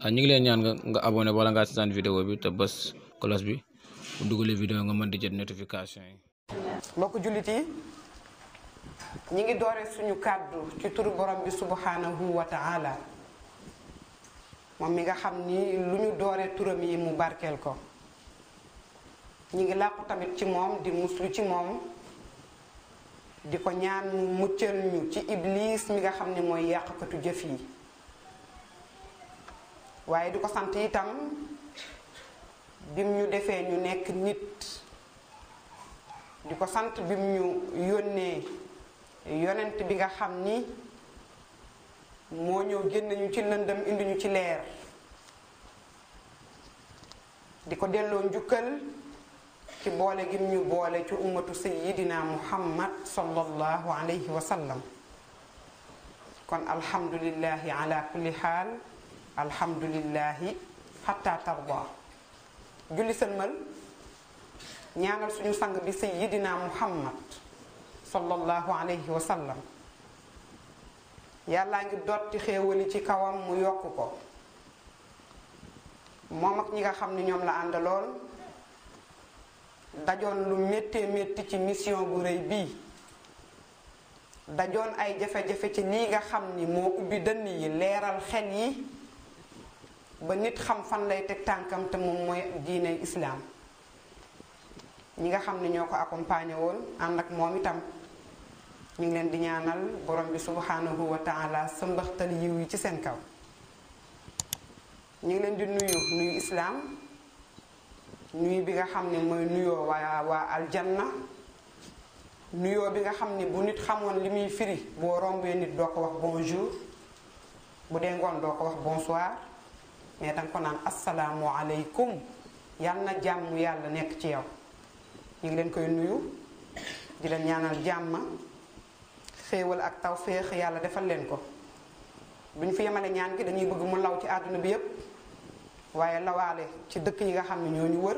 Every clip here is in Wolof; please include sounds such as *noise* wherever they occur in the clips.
Ah, ñu ngi leen ñaan nga nga abonné wala ngaa seetaan vidéo bi te bës cloche bi bu dugalee vidéo nga mën di jot notification yi. mbokk jullit yi ñi ngi doore suñu kàddu ci turu borom bi subhanahu wa moom mi nga xam ni lu ñu doore turam yi mu barkeel ko ñi ngi làqu tamit ci moom di muslu ci moom di ko ñaan mu muccal ñu ci iblis mi nga xam ne mooy yàqkatu jëf yi waaye di ko sant itam bim ñu defee ñu nekk nit di ko sant bim ñu yónnee yonent bi nga xam ni moo ñëw génn ñu ci lëndëm indi ñu ci leer di ko delloo njukkal ci boole gi ñu boole ci ummatu sayyidina muhammad sallallahu alayhi wa sallam kon alhamdulillahi ala kulli xaal alhamdulillahi xatta tarda julli sëlmal ñaanal suñu sang bi sayidina muhammad sallallahu alayhi wa sallam yàllaa ngi dotti xéewali ci kawam mu yokk ko moom ak ñi nga xam ni ñoom la àndaloon dajoon lu méttee métti ci mission bu rëy bi dajoon ay jafe-jafe ci lii nga xam ni moo ubbi dënn yi leeral xel yi ba nit xam fan lay teg tànkam te moom mooy diine islaam ñi nga xam ni ñoo ko accompagné woon ànd ak moom itam ñu ngi leen di ñaanal borom bi subhanahu wa taala sëmbaxtal yiw yi ci seen kaw ñu ngi leen di nuyu nuyu islaam nuyu bi nga xam ne mooy nuyoo waa waa aljanna nuyoo bi nga xam ne bu nit xamoon li muy firi boo rombee nit doo ko wax bonjour bu dee ngoon doo ko wax bonsoir mais danga ko naan asalaamualeykum yal na jàmm yàlla nekk ci yow ñu ngi leen koy nuyu di leen ñaanal jàmm xéewal ak taw féex yàlla defal leen ko duñ fi yemale ñaan gi dañuy bëgg mu law ci àdduna bi yépp waaye lawaale ci dëkk ñi nga xam ne ñoo ñu wër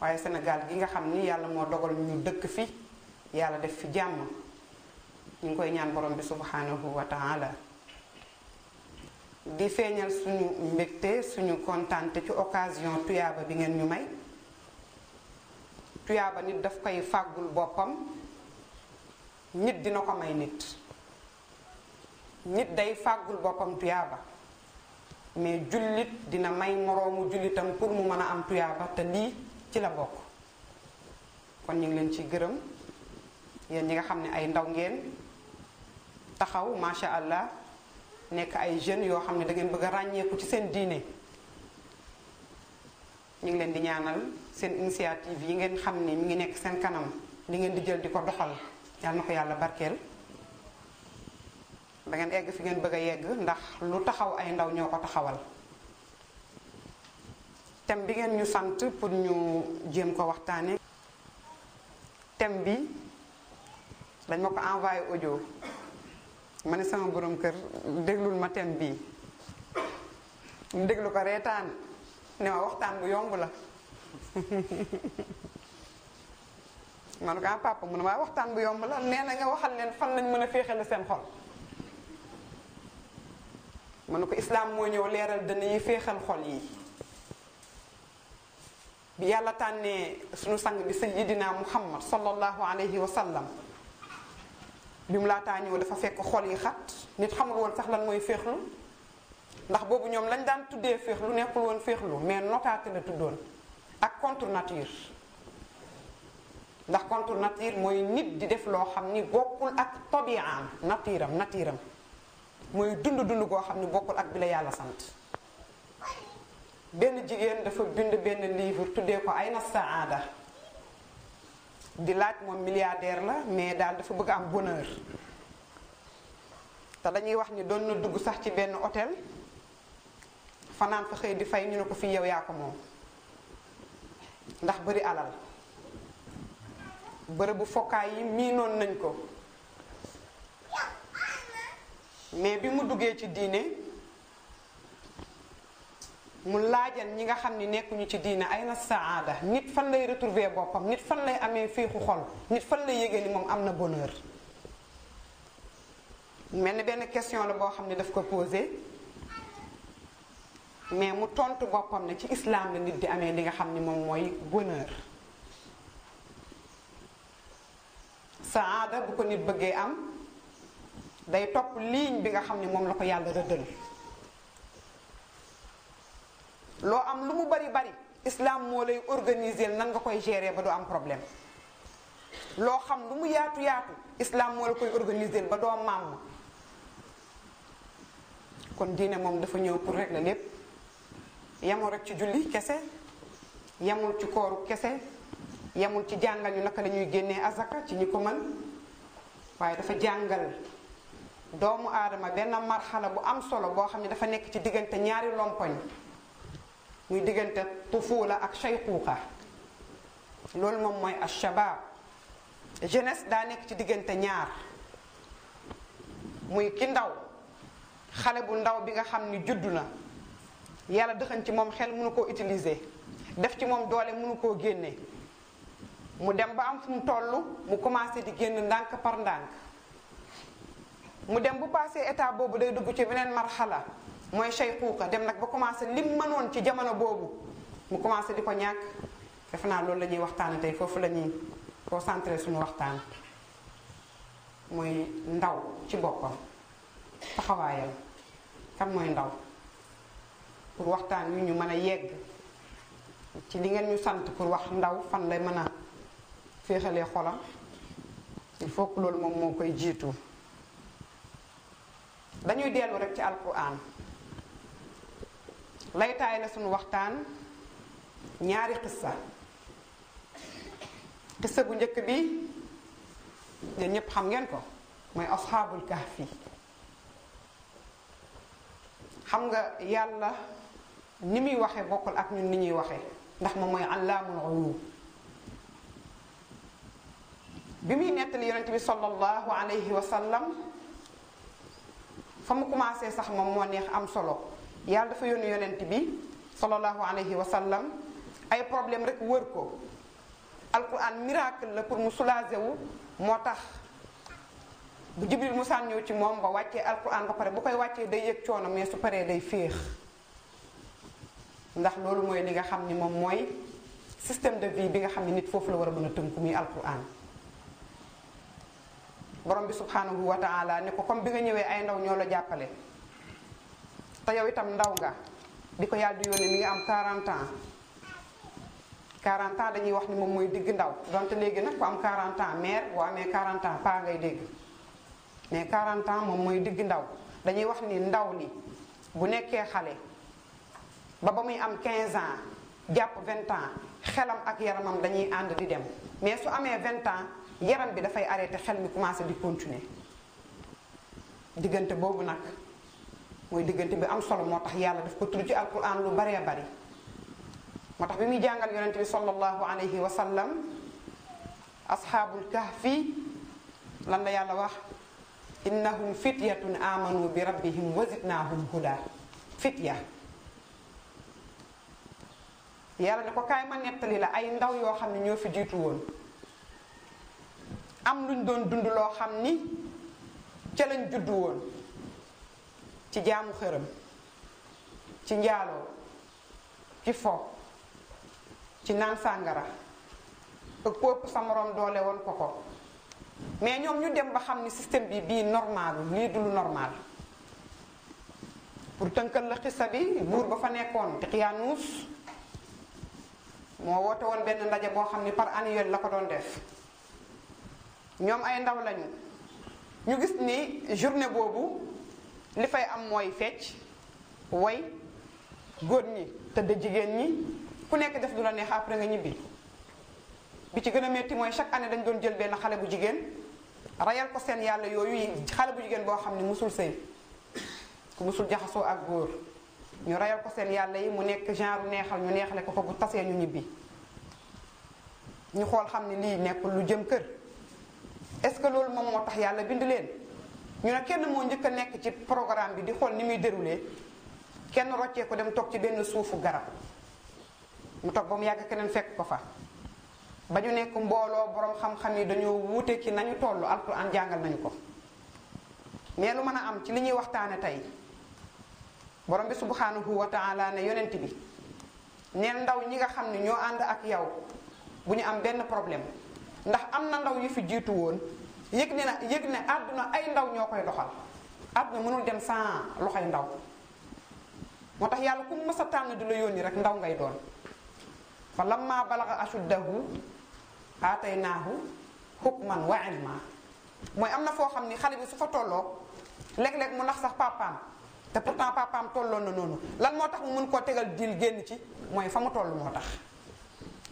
waaye senegal gi nga xam ni yàlla moo dogal ñu dëkk fi yàlla def fi jàmm ñu ngi koy ñaan borom bi subhanahu wa taala di feeñal suñu mbégte suñu kontaante ci occasion tuyaaba bi ngeen ñu may tuyaaba nit daf koy fàggul boppam nit dina ko may nit nit day fàggul boppam tuyaaba mais jullit dina may moroomu jullitam pour mu mën a am tuyaaba te lii ci la bokk kon ñu ngi leen ciy gërëm yéen ñi nga xam ne ay ndaw ngeen taxaw macha allah nek ay jeune yo xamne da ngeen bëgg a ràññeeku ci seen diiné ñu ngi leen di ñaanal seen initiative yi ngeen xamne mi ngi nek seen kanam li ngeen di jël diko doxal yalla nako yalla barkel barkeel da ngeen egg fi ngeen bëgg yegg ndax lu taxaw ay ndaw ñoko taxawal tem bi ngeen ñu sant pour ñu jëm ko waxtane tem bi dañ mako envoyer audio ma ne sama borom kër déglul ma thème bii mu déglu ko reetaan ne ma waxtaan bu yomb la *laughs* man ko ah, papa mu ne ma ah, waxtaan bu yomb la nee na nga waxal leen fan lañ mën a féexale seen xol ma ne ko islaam moo ñëw leeral dana yi féexal xol yi bi yàlla tànnee suñu sang bi sayyidina muhammad sallallahu alayhi wa sallam bi mu laataa ñëw dafa fekk xol yi xat nit xamul woon sax lan mooy féexlu ndax boobu ñoom lañ daan tuddee féexlu nekkul woon féexlu mais notaate la tuddoon ak contre nature ndax contre nature mooy nit di def loo xam ni bokkul ak tobiaam natiiram natiiram mooy dund dund goo xam ni bokkul ak bi la yàlla sant benn jigéen dafa bind benn livre tuddee ko ay na saada di laaj moom milliardaire la mais daal dafa bëgg am bonheur te dañuy wax ni doon na dugg sax ci benn hôtel fanaan fa xëy di fay ñu ne ko fii yow yaa ko moom ndax bari alal bërëbu fokkaay yi miinoon nañ ko mais bi mu duggee ci diine mu laajal ñi nga xam ni nekkuñu ci diina ay na saada nit fan lay retrouver boppam nit fan lay amee féexu xol nit fan lay yégee ni moom am na bonheur mel ni benn question la boo xam ne daf ko posé mais mu tontu boppam ne ci islam la nit di amee li nga xam ni moom mooy bonheur saada bu ko nit bëggee am day topp ligne bi nga xam ni moom la ko yàlla rëddal loo am lu mu bari bari islam moo lay organiser nan nga koy gérer ba doo am problème loo xam lu mu yaatu yaatu islam moo la koy organiser ba doo maam kon diine moom dafa ñëw pour régler lépp yamul rek ci julli kese yamul ci kooru kese yamul ci jàngal ñu naka la ñuy génnee azaka ci ñi ko man waaye dafa jàngal doomu aadama benn marxala bu am solo boo xam ne dafa nekk ci diggante ñaari lompoñ muy diggante tufuula ak shayxuuxa loolu moom mooy ashabab jeunesse daa nekk ci diggante ñaar muy ki ndaw xale bu ndaw bi nga xam ni juddu na yàlla dëxañ ci moom xel munu koo utiliser def ci moom doole mënu koo génnee mu dem ba am fu mu toll mu commencé di génn ndànk par ndànk mu dem bu passé état boobu day dugg ci beneen marxala mooy shayquuqa dem nag ba commencé lim mënoon ci jamono boobu mu commencé di ko ñàkk defe naa loolu la ñuy waxtaane tey foofu la ñuy concentré suñu waxtaan mooy ndaw ci boppam taxawaayam kan mooy ndaw pour waxtaan wi ñu mën a yegg ci li ngeen ñu sant pour wax ndaw fan lay mën a féexalee xolam il faut loolu moom moo koy jiitu dañuy dellu rek ci alquran lay taay la sunu waxtaan ñaari xissa xissa bu njëkk bi yéen ñëpp xam ngeen ko mooy asxaabul kahfi xam nga yàlla ni muy waxe bokkul ak ñun ni ñuy waxe ndax moom mooy allaamul ulum bi muy nettali yonent bi sallallahu alayhi wa sallam fa mu commencé sax moom moo neex am solo yàlla dafa yónni yonent bi sallallahu alayhi wa sallam ay problème rek wër ko alquran miracle la pour mu soulager wu moo tax bu mu musaan ñëw ci moom ba wàccee alquran ba pare bu koy wàccee day yëg coono mais su paree day féex ndax loolu mooy li nga xam ni moom mooy système de vie bi nga xam ne nit foofu la war a mën a tënku muy alquran borom bi subhanahu wa taala ne ko comme bi nga ñëwee ay ndaw ñoo la jàppale te yow itam ndaw nga di ko yàlla di yónnee mi nga am quarante ans 40 ans dañuy wax ni moom mooy digg ndaw donte léegi nag ku am 40 ans mère waa mais 40 ans paa ngay dégg mais 40 ans moom mooy digg ndaw dañuy wax ni ndaw li bu nekkee xale ba ba muy am 15 ans jàpp 20 ans xelam ak yaramam dañuy ànd di dem mais su amee 20 ans yaram bi dafay arrêté xel mi commencé di continuer diggante boobu nag. mooy diggante bi am solo moo tax yàlla def ko tudd ci alquran lu baree bari moo tax bi muy jàngal yonente bi sallallahu alayhi wa sallam asxaabul kahfi lan la yàlla wax innahum fityatun amanu bi rabbihim wa zidnaahum huda fitya yàlla ne ko kaay ma nettali la ay ndaw yoo xam ne ñoo fi jiitu woon am luñ doon dund loo xam ni ca lañ juddu woon ci jaamu xërëm ci njaalo ci fo ci naan sàngara ak ëpp sa moroom doole woon ko ko mais ñoom ñu dem ba xam ni système bi bii normal lii du lu pour tënkal la xisa bi buur ba fa nekkoon te xiyaanuus moo woote woon benn ndaje boo xam ni par annuel la ko doon def ñoom ay ndaw lañu ñu gis ni journée boobu li fay am mooy fecc way góor ñi tëdd jigéen ñi ku nekk def du la neex après nga ñibbi bi ci gën a metti mooy chaque année dañ doon jël benn xale bu jigéen rayal ko seen yàlla yooyu xale bu jigéen boo xam ne mosul sëy ku musul jaxasoo ak góor ñu rayal ko seen yàlla yi mu nekk genre neexal ñu neexale ko ko bu tasee ñu ñibbi ñu xool xam ne lii nekkul lu jëm kër est-ce que loolu moom moo tax yàlla bind leen ñu ne kenn moo njëkk a nekk ci programme bi di xool ni muy déroulé kenn roccee ko dem toog ci benn suufu garab mu toog ba mu yàgg keneen fekk ko fa ba ñu nekk mbooloo borom xam-xam yi dañoo wuute ci nañu toll alxuraan jàngal nañu ko mais lu mën a am ci li ñuy waxtaane tey borom bi subhanahu wa taala ne yonent bi neen ndaw ñi nga xam ne ñoo ànd ak yow bu ñu am benn problème ndax am na ndaw yu fi jiitu woon yëg ne na yëg ne àdduna ay ndaw ñoo koy doxal àdduna mënul dem sans loxoy ndaw moo tax yàlla ku mës a tànn du la yónni rek ndaw ngay doon fa ma lamma balaga ashuddahu aataynaahu hukman wa ilma mooy am na foo xam ni xale bi su fa tolloo léeg-léeg mu nax sax papaam te pourtant papaam tolloon na noonu lan moo tax mu mën koo tegal diil génn ci mooy fa mu toll moo tax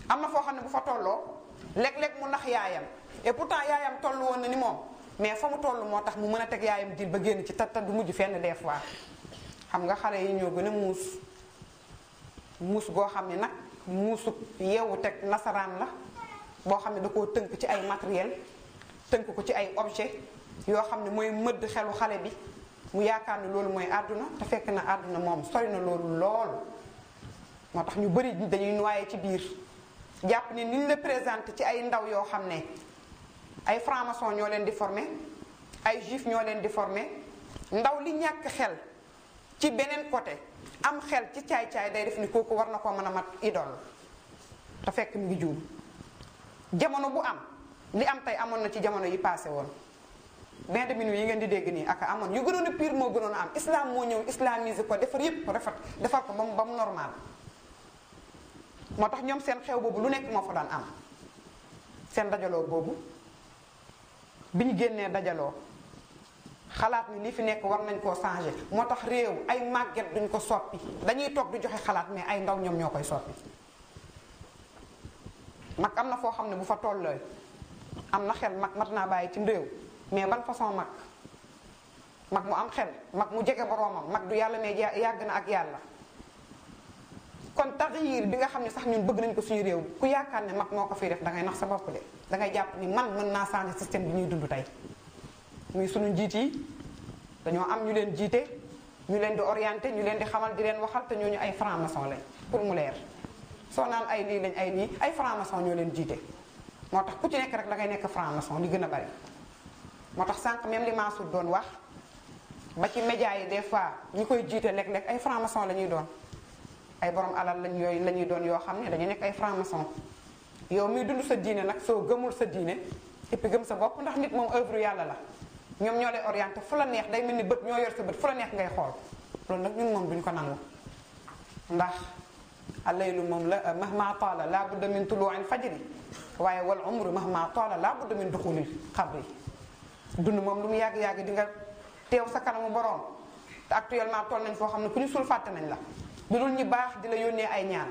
am na foo xam ne bu fa tolloo léeg-léeg mu nax yaayam et pourtant yaayam toll woon na ni moom mais fa mu toll moo tax mu mën a teg yaayam dil ba génn ci tat tat du mujj fenn des fois xam nga xale yi ñoo gën a muus muus goo xam ne nag muusu yeewu teg nasaraan la boo xam ne da koo tënk ci ay matériel tënk ko ci ay objet yoo xam ne mooy mëdd xelu xale bi mu yaakaar ne loolu mooy àdduna te fekk na àdduna moom sori na loolu lool moo tax ñu bëri dañuy noyé ci biir jàpp ne ni la présenté ci ay ndaw yoo xam ne ay franc ñoo leen di former ay juif ñoo leen di former ndaw li ñàkk xel ci beneen côté am xel ci caay-caay day def ni kooku war na koo mën a mat idole te fekk mu ngi juum jamono bu am li am tey amoon na ci jamono yi paase woon bain de minuit yi ngeen di dégg nii aka amoon yu gënoon a pire moo gënoon am islam moo ñëw islamiser ko defar yëpp rafet defar ko ba mu ba normal moo tax ñoom seen xew boobu lu nekk moo fa daan am seen dajaloo boobu bi ñu génnee dajaloo xalaat ni li fi nekk war nañ koo changer moo tax réew ay màgget duñ ko soppi dañuy toog du joxe xalaat mais ay ndaw ñoom ñoo koy soppi mag am na foo xam ne bu fa tollooy am na xel mag mat naa bàyyi ci réew mais ban façon mag mag mu am xel mag mu jege boroomam mag du yàlla mais yàgg na ak yàlla kon taxyiir bi nga xam ne sax ñun bëgg nañ ko suñu réew ku yaakaar ne mag moo ko fiy def dangay nax sa bopp de da ngay jàpp ni man mën naa changer système bi ñuy dund tey muy sunu jiit yi dañoo am ñu leen jiite ñu leen di orienté ñu leen di xamal di leen waxal te ñu ay franc lañ pour mu leer soo naan ay lii lañ ay lii ay franc ñoo leen jiite. moo tax ku ci nekk rek da ngay nekk franc-maçon li gën a bari moo tax sànq même li Mansour doon wax ba ci média yi des fois ñi koy jiite léeg-léeg ay franc-maçon la ñuy doon ay borom alal lañ yooyu la ñuy doon yoo xam ne dañu nekk ay franc-maçon. yow miy dund sa diine nag soo gëmul sa diine et puis gëm sa bopp ndax nit moom œuvre yàlla la ñoom ñoo lay orienté fu la neex day mel ni bët ñoo yor sa bët fu la neex ngay xool loolu nag ñun moom duñ ko nangu ndax alaylu moom la mahma taala laa budda min tuluin fajri waaye wal umru mahma taala laa budda min duxulil xabri dund moom lu mu yàgg-yàgg di nga teew sa kanamu borom te actuellement toll nañ foo xam ne ku ñu sul fàtte nañ la lu dul ñu baax di la yónnee ay ñaan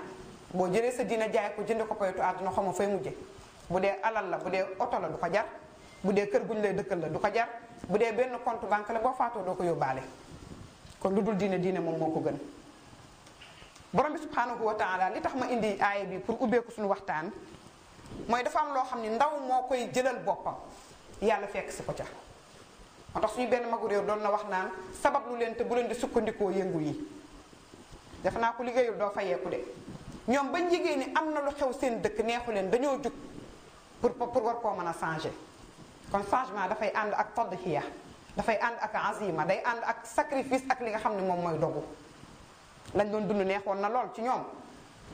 boo jëlee sa diina jaay ko jënd ko poyetu àdduna xamoo fay mujje bu dee alal la bu dee oto la du ko jar bu dee kër guñ lay dëkkal la du ko jar bu dee benn compte banque la boo faatoo doo ko yóbbaale kon lu dul diine diine moom moo ko gën borom bi subhanahu wa li tax ma indi aaye bi pour ubbeeku suñu waxtaan mooy dafa am loo xam ni ndaw moo koy jëlal boppam yàlla fekk si ko ca moo tax suñu benn magu réew doon na wax naan sabab lu leen te bu leen di sukkandikoo yëngu yi def naa ko liggéeyul doo fayeeku de ñom bañ yëgee ni amna lu xew seen dëkk neexu leen dañoo juk pour pour war koo mën a changer kon changement dafay ànd ak tadhiya dafay ànd ak azima day ànd ak sacrifice ak li nga xam ne moom mooy dogu lañ doon dund neexoon na lool ci ñoom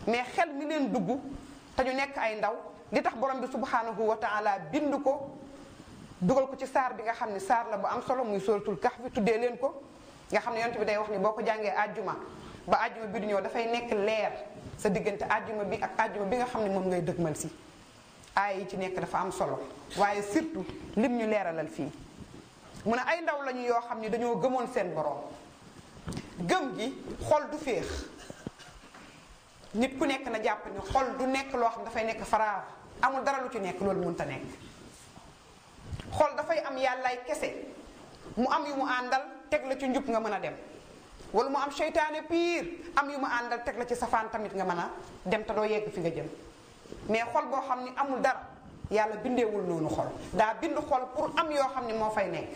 mais xel mi leen dugg te ñu nekk ay ndaw li tax borom bi subhanahu wa taala bind ko dugal ko ci saar bi nga xam ne saar la bu am solo muy suratul kahf tuddee leen ko nga xam ne yonent bi day wax ni boo ko jàngee àjjuma ba àjjuma bi du ñëw dafay nekk leer sa diggante àjjuma bi ak àjjuma bi nga xam ne moom ngay dëgmal si aay yi ci nekk dafa am solo waaye surtout lim ñu leeralal fii mu ne ay ndaw lañu yoo xam ne dañoo gëmoon seen borom gëm gi xol du féex nit ku nekk na jàpp ni xol du nekk loo xam dafay nekk faraar amul dara lu ci nekk loolu mënta nekk xol dafay am yàllaay kese mu am yu mu àndal teg la ci njub nga mën a dem wala mu am seytaane piir am yu ma àndal teg la ci safaan tamit nga mën a dem te doo yegg fi nga jëm mais xol boo xam ni amul dara yàlla bindeewul noonu xol daa bind xol pour am yoo xam ni moo fay nekk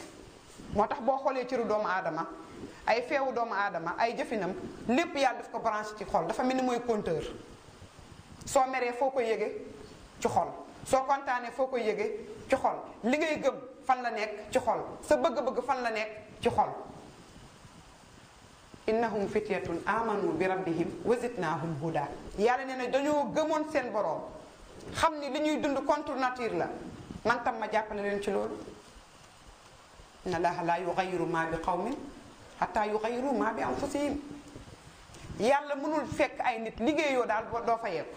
moo tax boo xoolee cëru doomu aadama ay feewu doomu aadama ay jëfinam lépp yàlla daf ko branché ci xol dafa mel ni mooy compteur soo meree foo ko yëge ci xol soo kontaanee foo ko yëge ci xol li ngay gëm fan la nekk ci xol sa bëgg-bëgg fan la nekk ci xol innahum fityatun amanu bi rabbihim wa zidnahum huda yàlla nee na dañoo gëmoon seen boroom xam ni li dund contre nature la man tam ma jàppale leen ci loolu inna allaha la yugayiru ma bi qawmin hatta yugayiru ma bi anfusihim yàlla mënul fekk ay nit liggéeyoo daal doo fa yeeku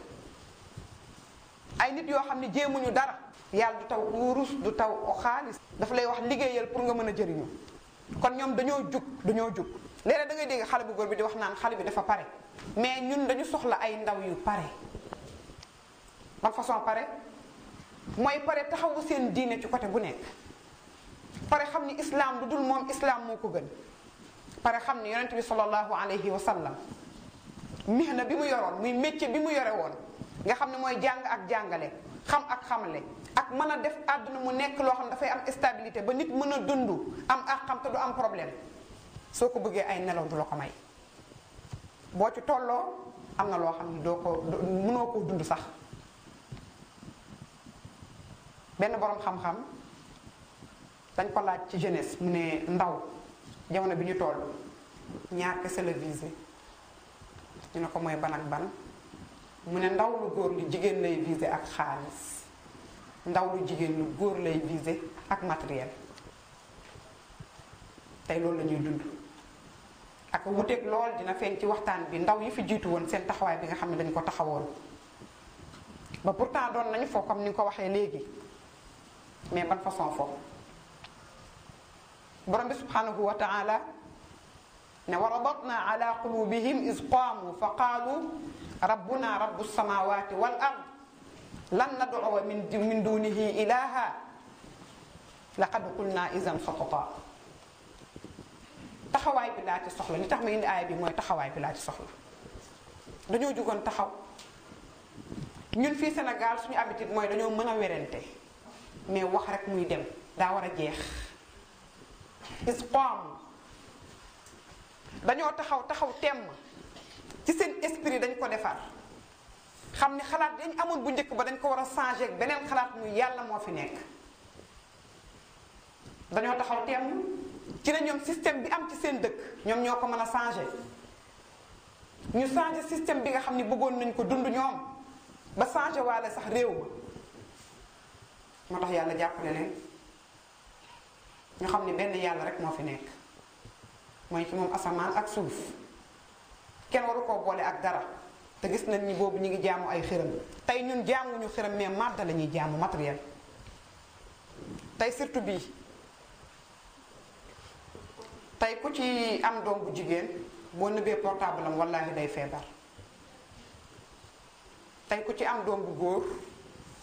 ay nit yoo xam ne jéemuñu dara yàlla du taw wurus du taw xaalis dafa lay wax liggéeyal pour nga mën a jëriñu kon ñoom dañoo jug dañoo jug léeg-léeg dégg xale bu góor bi di wax naan xale bi dafa pare mais ñun dañu soxla ay ndaw yu pare ban façon pare mooy pare taxawu seen diine ci côté bu nekk pare xam ni islaam lu dul moom islaam moo ko gën pare xam ni yonent bi sallallahu alayhi wa sallam mihna bi mu yoroon muy métier bi mu yore woon nga xam ne mooy jàng ak jàngale xam ak xamale ak mën a def àdduna mu nekk loo xam dafay am stabilité ba nit mën a dund am ak xam te du am problème soo ko bëggee ay nelaw du la ko may boo ci tolloo am na loo xam ne doo ko mënoo koo dund sax benn boroom xam-xam dañ ko laaj ci jeunesse mu ne ndaw jamono bi ñu toll ñaar kese la ñu ne ko mooy ban ak ban mu ne ndaw lu góor lu jigéen lay visé ak xaalis ndaw lu jigéen lu góor lay visé ak matériel tey loolu la ñuy dund ak wuteeg lol dina fen ci waxtan bi ndaw yi fi jitu won sen taxaway bi nga xamne dañ ko taxawoon ba pourtant don nañ fo comme ni ko waxe léegi mais ban façon fo borom bi subhanahu wa taala ne warabatna ala qulubihim is qaamu fa qalu rabbuna rabbus samawati wal ard lan nad'u min dunihi ilaha laqad qulna idan satata taxawaay bi laa ci soxla li tax ma indi aay bi mooy taxawaay bi laa ci soxla dañoo jugoon taxaw ñun fii Sénégal suñu habitude mooy dañoo mën a werante mais wax rek muy dem daa war a jeex isqaam dañoo taxaw taxaw temm ci seen esprit dañ ko defar xam ne xalaat dañ amoon bu njëkk ba dañ ko war a changer ak beneen xalaat muy yàlla moo fi nekk dañoo taxaw temm ci la ñoom système bi am ci seen dëkk ñoom ñoo ko mën a changé ñu changé système bi nga xam ni bëggoon nañ ko dund ñoom ba changé waale sax réew ma moo tax yàlla jàppale leen ñu xam ni benn yàlla rek moo fi nekk mooy ci moom asamaan ak suuf kenn waru koo boole ak dara te gis nañ ni boobu ñu ngi jaamu ay xërëm tey ñun jànguñu xërëm mais màdd la ñuy jaamu matériel tey surtout bii tay ku ci am doom bu jigéen boo nëbbee portable am wallahi day feebar tay ku ci am doom bu góor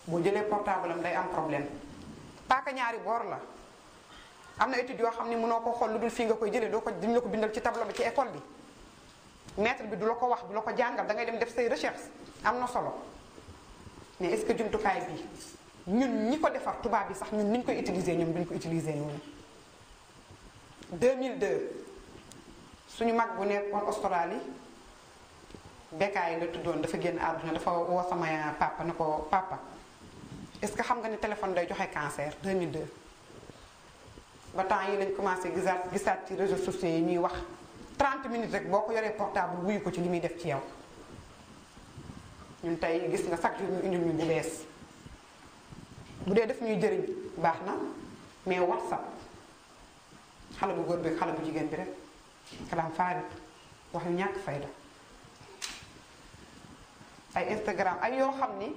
bu jëlee portable am day am problème paaka ñaari boor la am na étude yoo xam ne mënoo ko xool lu dul fii nga koy jëlee doo ko duñ la ko bindal ci tableau bi ci école bi maître bi du la ko wax du la ko jàngal da ngay dem def say recherche am na solo mais est-ce que jumtukaay bi ñun ñi ko defar tubaab bi sax ñun niñ koy utiliser ñoom duñ ko utiliser noonu deux suñu mag bu nekkoon Australie Bécaye la tuddoon dafa génn àdduna dafa woo sama papa na ko papa est-ce que xam nga ni téléphone day joxe cancer 2002 ba temps yi lañ commencé gisaat gisaat ci réseaux sociaux yi ñuy wax 30 minutes rek boo ko yoree portable wuyu ko ci ni muy def ci yow ñun tey gis nga chaque jour ñu indil ñu bu bees bu dee def ñuy jëriñ baax na mais WhatsApp. xale bu góor bi xale bu jigéen bi rek kalaam faari wax yu ñàkk fayda ay Instagram ay yoo xam ni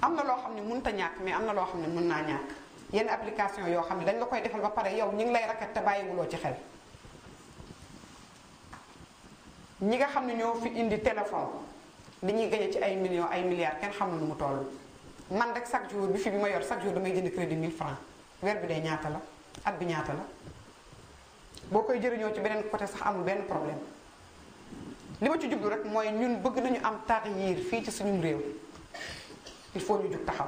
am na loo xam ne mun ta ñàkk mais am na loo xam ne mun naa ñàkk yenn application yoo xam ne dañ la koy defal ba pare yow ñu ngi lay raket te bàyyiwuloo ci xel ñi nga xam ne ñoo fi indi téléphone li ñuy gañe ci ay millions ay milliards kenn xam na nu mu toll man rek chaque jour bi fi bi ma yor chaque jour damay jënd crédit 1000 francs weer bi day ñaata la ak bi ñaata la boo koy jëriñoo ci beneen côté sax amul benn problème li ma ci jublu rek mooy ñun bëgg nañu am taxyiir fii ci suñu réew il faut ñu jug taxaw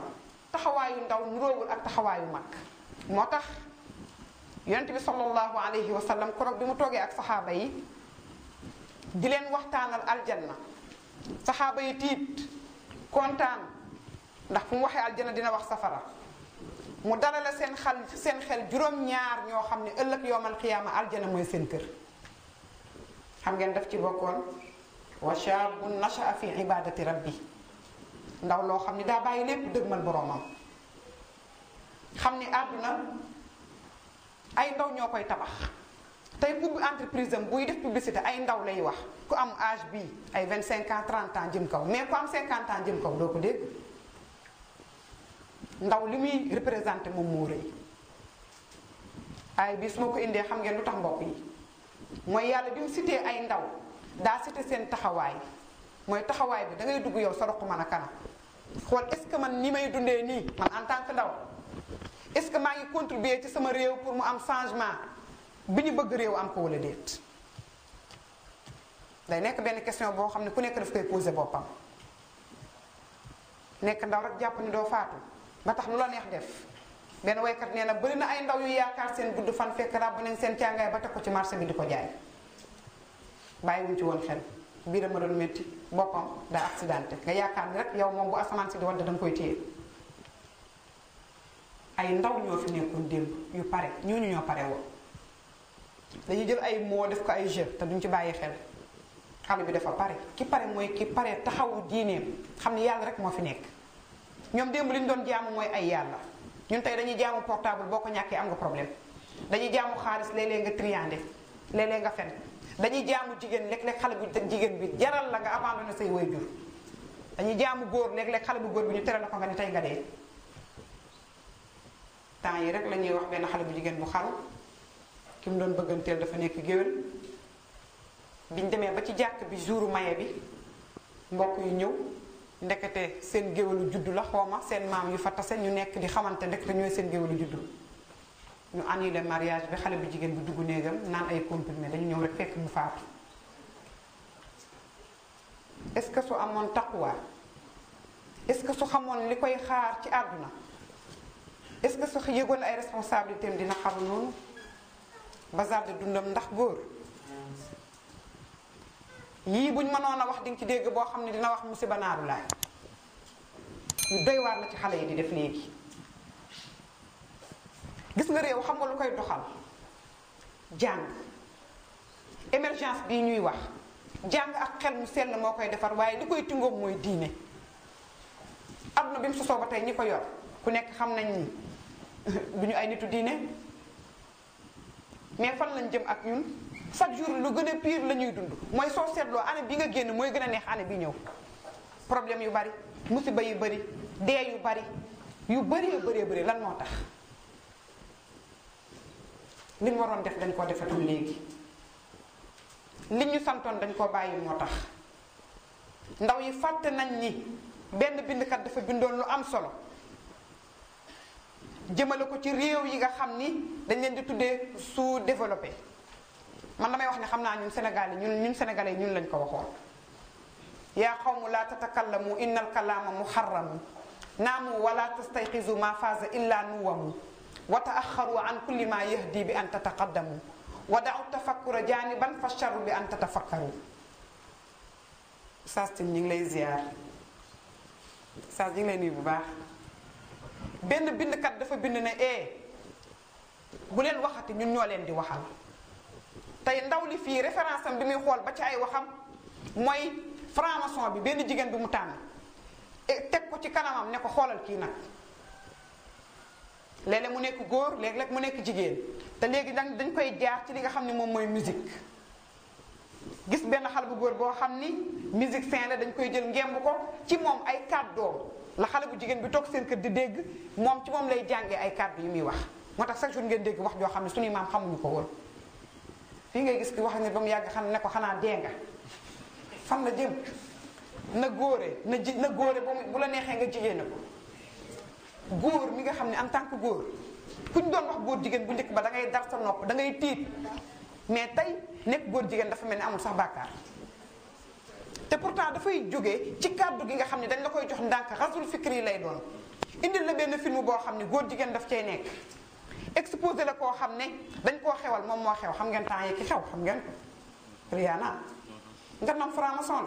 taxawaayu ndaw nuróowul ak taxawaayu mag moo tax yonent bi sallallahu alayhi wa sallam koroog bi mu toogee ak saxaaba yi di leen waxtaanal aljanna saxaaba yi tiit kontaan ndax fu mu waxee aljanna dina wax safara mu dalale seen xal seen xel juróom-ñaar ñoo xam ne ëllëg yowmal xiyaama aljana mooy seen kër xam ngeen daf ci bokkoon wa shaabun nashaa fi ibadati rabbi ndaw loo xam ne daa bàyyi lépp dëgmal boroomam xam ni àdduna ay ndaw ñoo koy tabax tey ubbi entreprise am buy def publicité ay ndaw lay wax ku am âge bii ay 25 ans 30 ans jëm kaw mais ku am 50 ans jëm kaw doo ko dégg ndaw li muy représenté moom moo rëy ay bi su ko indee xam ngeen lu tax mbokk yi mooy yàlla bi mu sitee ay ndaw daa cité seen taxawaay mooy taxawaay bi da ngay dugg yow sa roq mën a kanam xool est ce que man ni may dundee nii man en tant que ndaw est ce que maa ngi contribuer ci sama réew pour mu am changement bi ñu bëgg réew am ko wala déet day nekk benn question boo xam ne ku nekk daf koy posé boppam nekk ndaw rek jàpp ni doo faatu ba tax lu la neex def benn waykat nee na bari na ay ndaw yu yaakaar seen gudd fan fekk ràbb nañ seen càngaay ba teg ko ci marché bi di ko jaay wuñ ci woon xel biira ma doon metti boppam da accidenté nga yaakaar ni rek yow moom bu asamaan si di da danga koy téye ay ndaw ñoo fi nekkoon démb yu pare ñooñu ñoo pare woon dañu jël ay moo def ko ay jeu te duñ ci bàyyi xel xale bi dafa pare ki pare mooy ki pare taxawu diineem xam ni yàlla rek moo fi nekk ñoom démb li ñu doon jaamu mooy ay yàlla ñun tey dañuy jaamu portable boo ko ñàkkee am nga problème dañuy jaamu xaalis léeg nga triandé léeg-léeg nga fen dañuy jaamu jigéen léeg-léeg xale bu jigéen bi jaral la nga abandonné say way jur dañuy jaamu góor léeg-léeg xale bu góor bi ñu tere la ko nga ne tey nga dee temps yi rek lañuy wax benn xale bu jigéen bu xaru ki mu doon bëgganteel dafa nekk géwél biñ demee ba ci jàkk bi jouru maye bi mbokk yu ñëw ndekete seen geewlu juddu la xoma ma seen maam yu fa tase ñu nekk di xamante ndek ndekete ñoy seen geewlu juddu ñu annulé mariage bi xale bu jigen bu duggu néegam naan ay comprimé dañu ñëw rek fekk mu faatu est-ce que su amone taqwa est-ce que su xamone likoy xaar ci aduna est est-ce que su yegol ay responsabilité dina xaru noonu bazar de dundam ndax góor yii buñ mënoon a wax di nga ci dégg boo xam ne dina wax musiba naaru laay yu doy waar la ci xale yi di def léegi gis nga réew xam nga lu koy doxal jàng émergence bi ñuy wax jàng ak xel mu sell moo koy defar waaye li koy tingoom mooy diine adduna bi mu sosoo ba tey ñi ko yor ku nekk xam nañ ni *laughs* ñu ay nitu diine mais fan lañ jëm ak ñun chaque jour lu gën a piir la ñuy dund mooy soo seetloo année bi nga génn mooy gën a neex année bi ñëw problème yu bari musiba yu bëri dee yu bari yu bëri bëree bëri lan moo tax li ñu waroon def dañ koo defetul léegi li ñu santoon dañ koo bàyyi moo tax ndaw yi fàtte nañ ni benn bindkat dafa bindoon lu am solo jëmale ko ci réew yi nga xam ni dañ leen di tuddee sous-développé man damay wax ni xamna ñun sénégalais ñun ñun sénégalais ñun lañ ko waxoon ya qawmu la tatakallamu innal kalama muharram namu wala tastayqizu ma faza illa nuwamu wa taaxaru an kulli ma yahdi bi an tataqaddamu wa da'u tafakkura janiban fashar bi an tatafakkaru sastin ñing lay ziar sas ñing lay nuyu bu baax benn kat dafa bind ne e bu len waxati ñun ñoo leen di waxal tey ndaw li fii référence bi muy xool ba ci ay waxam mooy franc bi benn jigéen bi mu tànn e, teg ko ci kanamam ne ko xoolal kii nag léeg mu nekk góor léeg-léeg mu nekk jigéen te léegi dañ dañ koy jaar ci li nga xam ne moom mooy musique gis benn xale bu góor boo xam ni musicien la dañ koy jël ngemb ko ci moom ay doom la xale bu jigéen bi toog seen kër di dégg moom ci moom lay jàngee ay kàddu yu muy wax moo tax chaque jour ngeen dégg wax joo xa ne suñuy maam xamuñu ko woon fii ngay gis ki wax ni ba mu yàgg xam ne ko xanaa dee nga fan la jëm na góore na ji na góore bu la neexee nga jigéen na ko góor mi nga xam ne en tant que góor kuñ doon wax góor jigéen bu njëkk ba da ngay dar sa nopp da ngay tiit mais tey nekk góor jigéen dafa mel ni amul sax bàkkaar te pourtant dafay jóge ci kàddu gi nga xam ne dañ la koy jox ndànk rasul fikri yi lay doon indi la benn film boo xam ne góor jigéen daf cee nekk exposé la koo xam ne dañ koo xewal moom moo xew xam ngeen temps yi ki xew xam ngeen ko Rihanna nga nam franc-maçon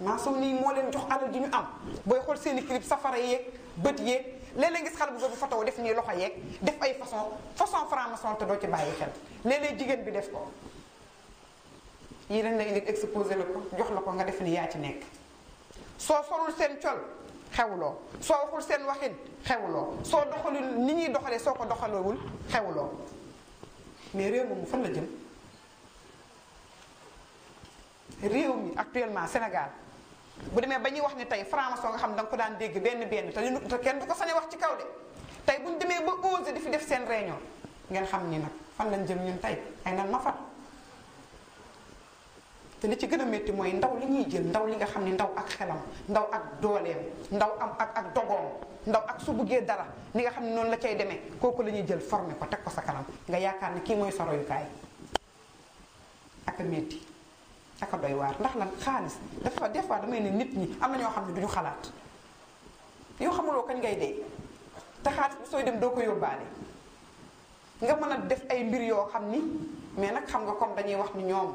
maçon ni moo leen jox alal di ñu am booy xool seeni clip safara yeeg bët yeeg léeg-léeg ngis xale bu góor bu photo def nii loxo yeeg def ay façon façon franc-maçon te doo ci bàyyi xel léeg-léeg jigéen bi def ko yii lañ lay indi exposé la ko jox la ko nga def ni yaa ci nekk soo solul seen col xewlo so waxul sen waxin xewlo so doxalul ni ñi doxale soo ko doxalewul xewloo mais rew mu fan la jëm rew mi actuellement Sénégal bu demee ba ñuy wax ni tey franc-maçon nga xam da nga ko daan dégg benn benn te ñu te kenn du ko sané wax ci kaw de tey bu ñu demee ba osé di fi def sen réunion ngeen xam ni nag fan lañ jëm ñun tey ay nan ma fat te li ci gën a métti mooy ndaw li ñuy jël ndaw li nga xam ni ndaw ak xelam ndaw ak dooleem ndaw am ak ak dogoom ndaw ak su buggee dara ni nga xam ne noonu la cay demee kooku la ñuy jël formé ko teg ko sa kanam nga yaakaar ne kii mooy sa royukaay ak a métti ak doy waar ndax la xaalis dafa des fois damay ne nit ñi am na ñoo xam ne duñu xalaat yoo xamuloo kañ ngay dee te xaalis bi sooy dem doo ko yóbbaale nga mën a def ay mbir yoo xam ni mais nag xam nga comme dañuy wax ni ñoom.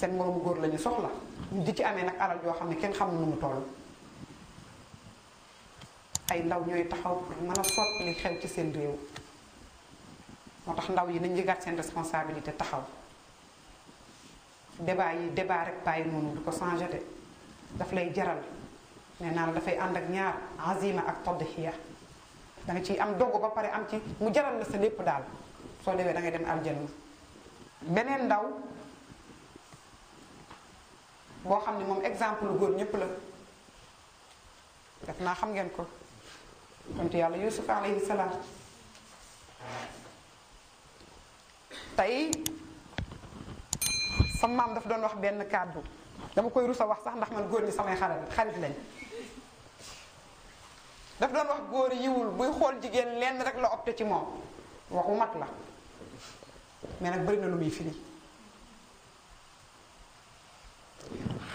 sen morom góor lañu soxla ñu di ci amé nak alal yo xamné ne kenn xamul nu mu toll ay ndaw ñoy taxaw pour mëna a li xew ci sen réew motax ndaw yi nañu yëgaat sen responsabilité taxaw débat yi débat rek bàyyi noonu du ko changé de daf lay jaral né naan da fay ànd ak ñaar azima ak tadhiya da nga ci am dogu ba pare am ci mu jaral na sa lépp dal so déwé da ngay dem aljanna benen ndaw boo xam ne moom exemple góor ñépp la def naa xam ngeen ko yonent yàlla yusuf alayhi salaam tey sa maam daf doon wax benn kàddu dama koy rus a wax sax ndax man góor ñi samay xarit xarit lañ daf doon wax góor yiwul buy xool jigéen lenn rek la opté ci moom waxu mag la mais nag bari na lu muy firi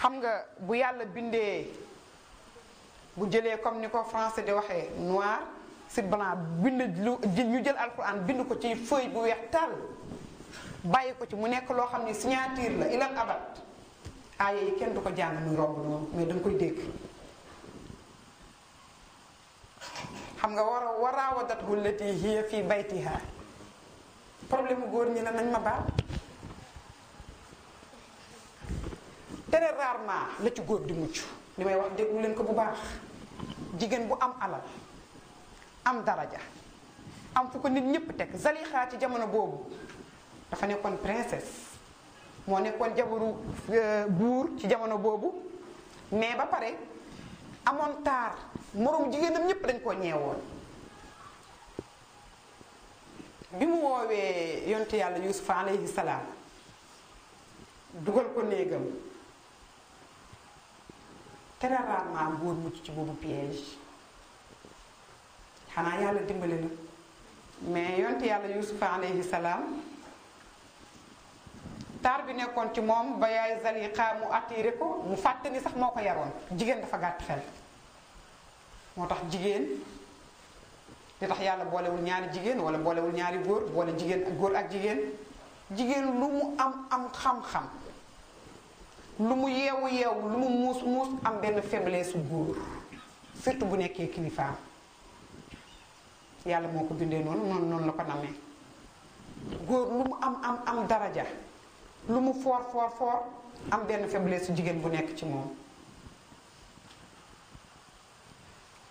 xam nga bu yàlla bindee bu jëlee comme ni ko français di waxee noir sur blanc bind lu ñu jël alquran bind ko ci feuille bu weex tàll bàyyi ko ci mu nekk loo xam ne signature la ilan abat aaya yi kenn du ko jàng muy romb noonu mais danga koy dégg xam nga war a waraawadat hullati hiya fii baytiha problème góor ñi la nañ ma baal très rarement la ci góor di mucc li may wax déglu leen ko bu baax jigéen bu am alal am daraja am fu ko nit ñëpp teg Zalixa ci jamono boobu dafa nekkoon princesse moo nekkoon jabaru euh, buur ci jamono boobu mais ba pare amoon taar moroom jigéenam ñëpp dañ koo ñeewoon bi mu woowee yonte yàlla yusufa alayhi salaam dugal ko néegam très rarement góor mucc ci boobu piège xanaa yàlla dimbali na mais yonte yàlla yusufa alayhi salaam taar bi nekkoon ci moom ba yaay Zaliqa mu attiré ko mu fàtte sax moo ko yaroon jigéen dafa gàtt xel moo tax jigéen li tax yàlla boolewul ñaari jigéen wala boolewul ñaari góor boole jigéen ak góor ak jigéen jigéen lu mu am am xam-xam lu mu yeewu yeewu lu mu muus muus am benn faiblesse góor surtout bu nekkee kilifaam yàlla moo ko bindee noonu noonu noonu la ko namee góor lu mu am am am daraja lu mu foor foor foor am benn faiblesse jigéen bu nekk ci moom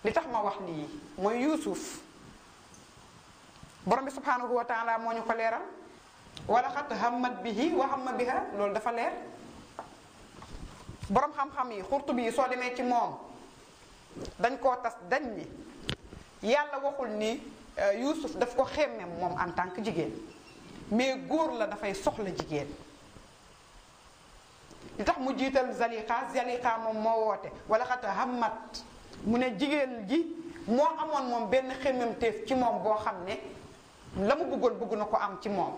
li tax ma wax lii mooy yuusuf borom bi subhaanahu wa taala moo ñu ko leeral wala xat hammat bihi wa hamma biha loolu dafa leer borom xam-xam yi xurtu bi soo demee ci moom dañ koo tas dañ ni yàlla waxul ni yusuf daf ko xemme moom en tant que jigéen mais góor la dafay soxla jigéen li tax mu jiital zaliqa zaliqa moom moo woote wala xat hammat mu ne jigéen ji moo amoon moom benn teef ci moom boo xam ne la mu bëggoon bëgg na ko am ci moom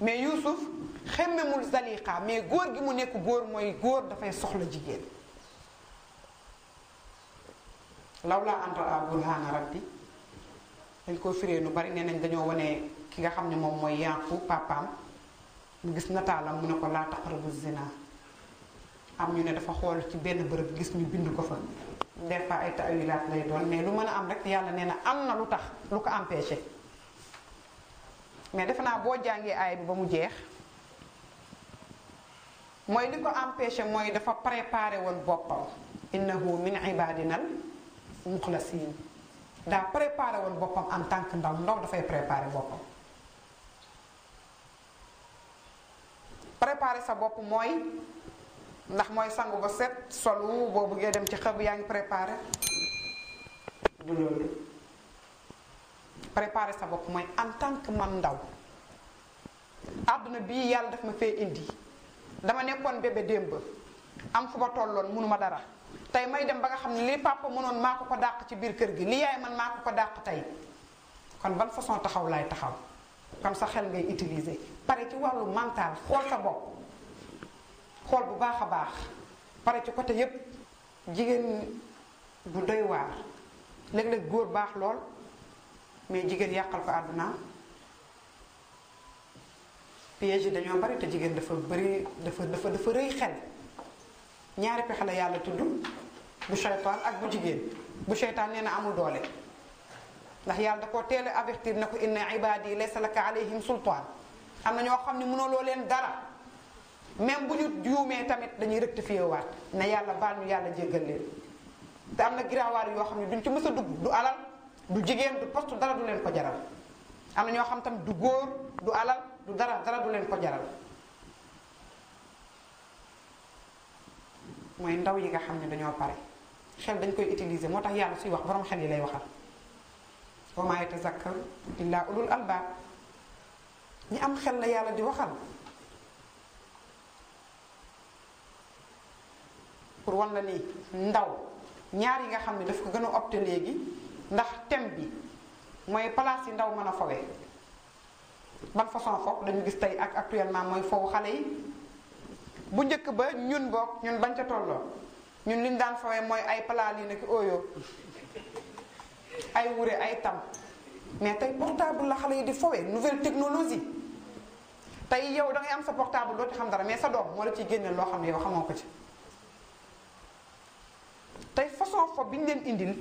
mais yusuf xememul zaliqa mais góor gi mu nekk góor mooy góor dafay soxla jigéen lawla anta abulhaana rabbi dañ ko firee nu bari nee nañ dañoo wane ki nga xam ne moom mooy yàqu papaam mu gis nataalam mu ne ko laa taqrabu zina am ñu ne dafa xool ci benn bërëb gis ñu bind ko fa des fois ay taawilaat lay doon mais lu mën a am rek yàlla nee na am na lu tax lu ko empêché mais defe naa boo jàngee aay bi ba mu jeex mooy li ko empêché mooy dafa préparé woon boppam innahu min ibadinal muxlasin daa préparé woon boppam en tànk que ndaw ndaw dafay préparé boppam préparé sa bopp mooy ndax mooy sangu ba set solu boo bëggee dem ci xëb yaa ngi préparé du loolu préparé sa bopp mooy en tant man ndaw àdduna bii yàlla daf ma fee indi dama nekkoon bébé démb am fu ma tolloon mënuma dara tey may dem ba nga xam ne li papa mënoon maa ko ko dàq ci biir kër gi li yaay man maa ko ko dàq tey kon ban façon taxaw laay taxaw kon sa xel ngay utiliser pare ci wàllu mental xool sa bopp xool bu baax a baax pare ci côté yépp jigéen bu doy waar léeg-léeg góor baax lool mais jigéen yàqal ko àdduna piège ya, dañu bari te jigen dafa bari dafa dafa dafa reuy xel ñaari pexe la yalla tuddu bu shaytan ak bu jigen bu shaytan neena amul doole ndax yalla da koo teel avertir nako inna ibadi laysa laka alayhim sultan amna ño xamni mëno lo mënuloo leen dara même buñu ñu tamit dañuy rectifier waat na yalla baal yalla jéggal leen te amna na yo xamni duñ ci mësa dugg du alal du jigen du poste dara du leen ko jaral amna ño xam tam du góor du alal du dara dara du len ko jaral moy ndaw yi nga xamne dañu pare xel dañ koy utiliser motax yàlla suy wax borom xel yi lay waxal wa ma yatazakkar illa ulul alba ñi am xel la yàlla di waxal pour wan la ni ndaw ñaar yi nga xamne daf ko gëna opté légui ndax tem bi moy place yi ndaw mëna a ban façon foog dañu gis tey ak actuellement mooy foofu xale yi bu njëkk ba ñun boog ñun bañ ca tolloo ñun liñ daan fawee mooy ay palaal yi nag ooyo ay wure ay tam mais tey portable la xale yi di fawee nouvelle technologie tey yow da ngay am sa portable doo ci xam dara mais sa doom moo la ciy génnee loo xam ne yow xamoo ko ci tey façon fo bi ñu leen indil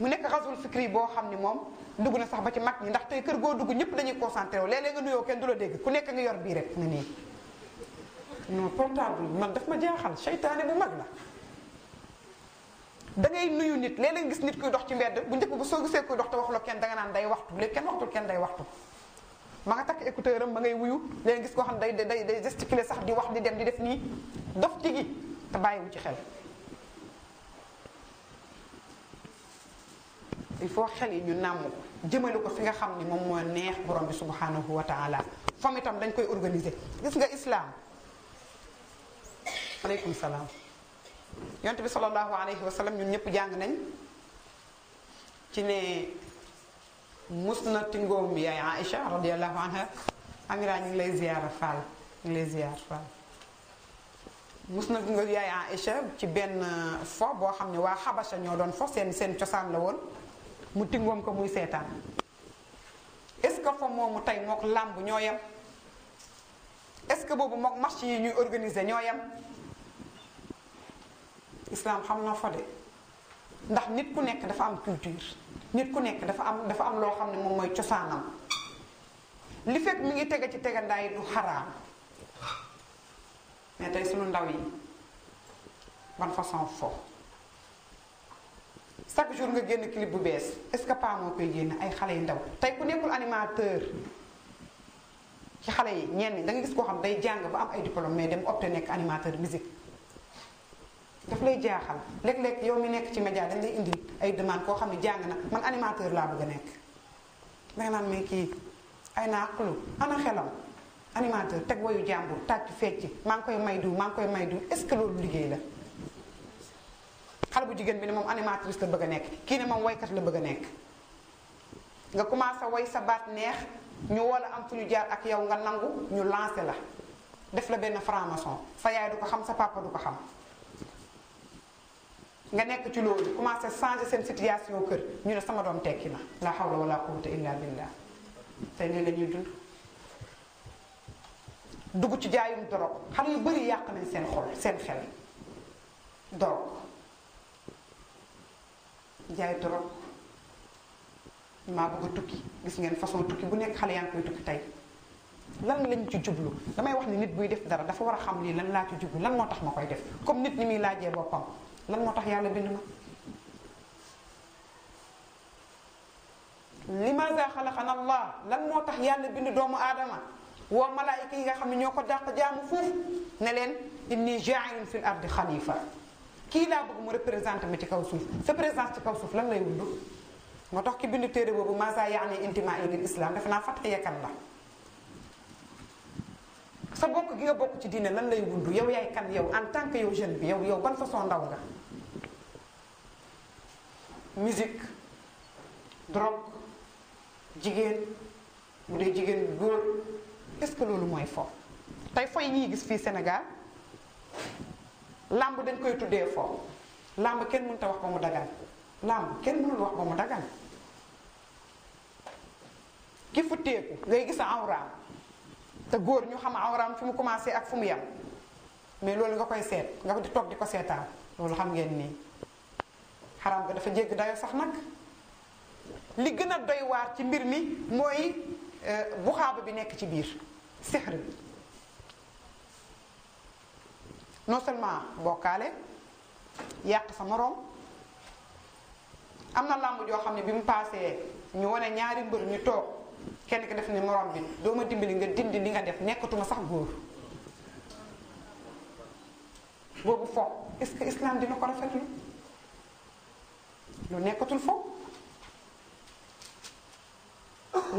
mu nekk rasul fikri boo xam ni moom dugg na sax ba ci mag ñi ndax tey kër goo dugg ñëpp dañuy concentré wu léeg-léeg nga nuyoo kenn du la dégg ku nekk nga yor bii rek nga nii non portable man daf ma jaaxal seytaane bu mag la da ngay nuyu nit léeg-léeg nga gis nit kuy dox ci mbedd bu njëkk bu soo gisee kuy dox te waxuloo kenn da nga naan day waxtu léegi kenn waxtul kenn day waxtu ma nga takk écouteur am ma ngay wuyu léegi gis koo xam day day day gesticuler sax di wax di dem di def nii dof jigi te bàyyiwu ci xel il faut xel yi ñu nàmm ko jëmale ko fi nga xam ni moom moo neex borom bi subhanahu wa taala fam itam dañ koy organiser gis nga islaam aleykum salaam yonte bi sallallahu alayhi wa sallam ñun ñëpp jàng nañ ci ne mus na tingoom bi yaay Aïcha radiallahu anha amira ñu ngi lay ziyaara Fall ñu ngi lay ziyaar Fall mus na yaay Aïcha ci benn fo boo xam ne waa xabasa ñoo doon fo seen seen cosaan la woon mu tingoom ko muy seetaan est ce que fa moomu tey mook làmb ñoo yem est ce que boobu mook marché yi ñuy organiser ñoo yem islam xam na fa de ndax nit ku nekk dafa am culture nit ku nekk dafa am dafa am loo xam ne moom mooy cosaanam li fekk mu ngi tege ci tegandaay du xaraam mais tey sunu ndaw yi ban façon fo chaque jour nga génn clip bu bees est-ce que pas moo koy génn ay xale yu ndaw tey ku nekkul animateur ci xale yi ñenn da nga gis koo xam day jàng ba am ay diplôme mais dem opté nekk animateur musique daf lay jaaxal léeg-léeg yow mi nekk ci média dañ lay indi ay demande koo xam ne jàng na man animateur laa bëgg a nekk danga naan mais kii ay naaqlu ana xelam animateur teg wayu jàmbur tàcc fecc maa ngi koy may du maa ngi koy may du est-ce que loolu liggéey la xale bu jigéen bi ne moom animatrice la bëgg a nekk kii ne moom waykat la bëgg a nekk nga commencé woy sa baat neex ñu wala am fu ñu jaar ak yow nga nangu ñu lancé la def la benn franc-maçon sa yaay du ko xam sa papa du ko xam nga nekk ci loolu commencé changer seen situation kër ñu ne sama doom tekki na la hawla wala quwwata illa billah tey nii la dund dugg ci jaayum dorog xale yu bari yàq nañ seen xol seen xel dorog jaay dorog maa bëgg tukki gis ngeen façon tukki bu nekk xale yaa ngi koy tukki tey lan lañ ci jublu damay wax ni nit buy def dara dafa war a xam lii lan laa ci jublu lan moo tax ma koy def comme nit ni muy laajee boppam lan moo tax yàlla bind ma limaza xalaqana allah lan moo tax yàlla bind doomu aadama woo malaayika yi nga xam ne ñoo ko dàq jaamu foofu ne leen inni jaa'ilun fil ardi xalifa kii laa bëgg mu représenté ma ci kaw suuf sa présence ci kaw suuf lan lay wund moo tax ki bindu téere boobu masa yaani intima ilil islam defe naa fàtte yekkat la sa bokk gi nga bokk ci diine lan lay wund yow yaay kan yow en tant que yow bi yow yow ban façon ndaw nga musique drogue jigéen bu dee jigéen góor est loolu mooy fo tey foy ñii gis fii Sénégal lamb dañ koy tuddé fo lamb kenn ta wax ba mu dagan lamb kenn mënul wax ba mu dagan ki futteeku ngay gis awra te góor ñu xam awra fi mu commencé ak fu mu yam mais loolu nga koy seet nga di tok di ko sétal loolu xam ngeen ni haram nga dafa jégg dayo sax nak li gëna doy waar ci mbir mi euh, bu xaba bi nekk ci biir non seulement bokkaale yàq sa moroom am na làmb joo xam ne bi mu paasee ñu wane ñaari mbër ñu toog kenn ki def ni moroom bi doo ma dimbali nga dindi li nga def nekkatuma sax góor boobu fo est-ce que dina ko rafetlu lu nekkatul fo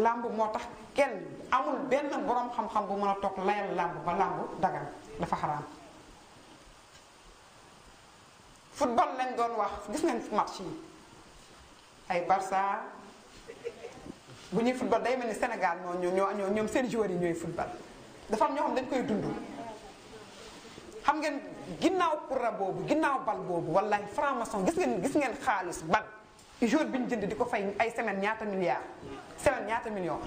làmb moo tax kenn amul benn boroom xam-xam bu mën a toog layal làmb ba làmb dagan dafa xaraam football lañ doon wax gis nañ match yi ay Barça bu ñuy football day mel ni Sénégal ñoo ñoo ñoom seen joueurs yi ñooy football dafa am ñoo xam dañ koy dund. xam ngeen ginnaaw kura boobu ginnaaw bal boobu wallahi franc-maçon gis ngeen gis ngeen xaalis ban jour bi ñu jënd di ko fay ay semaine ñaata milliards semaine ñaata million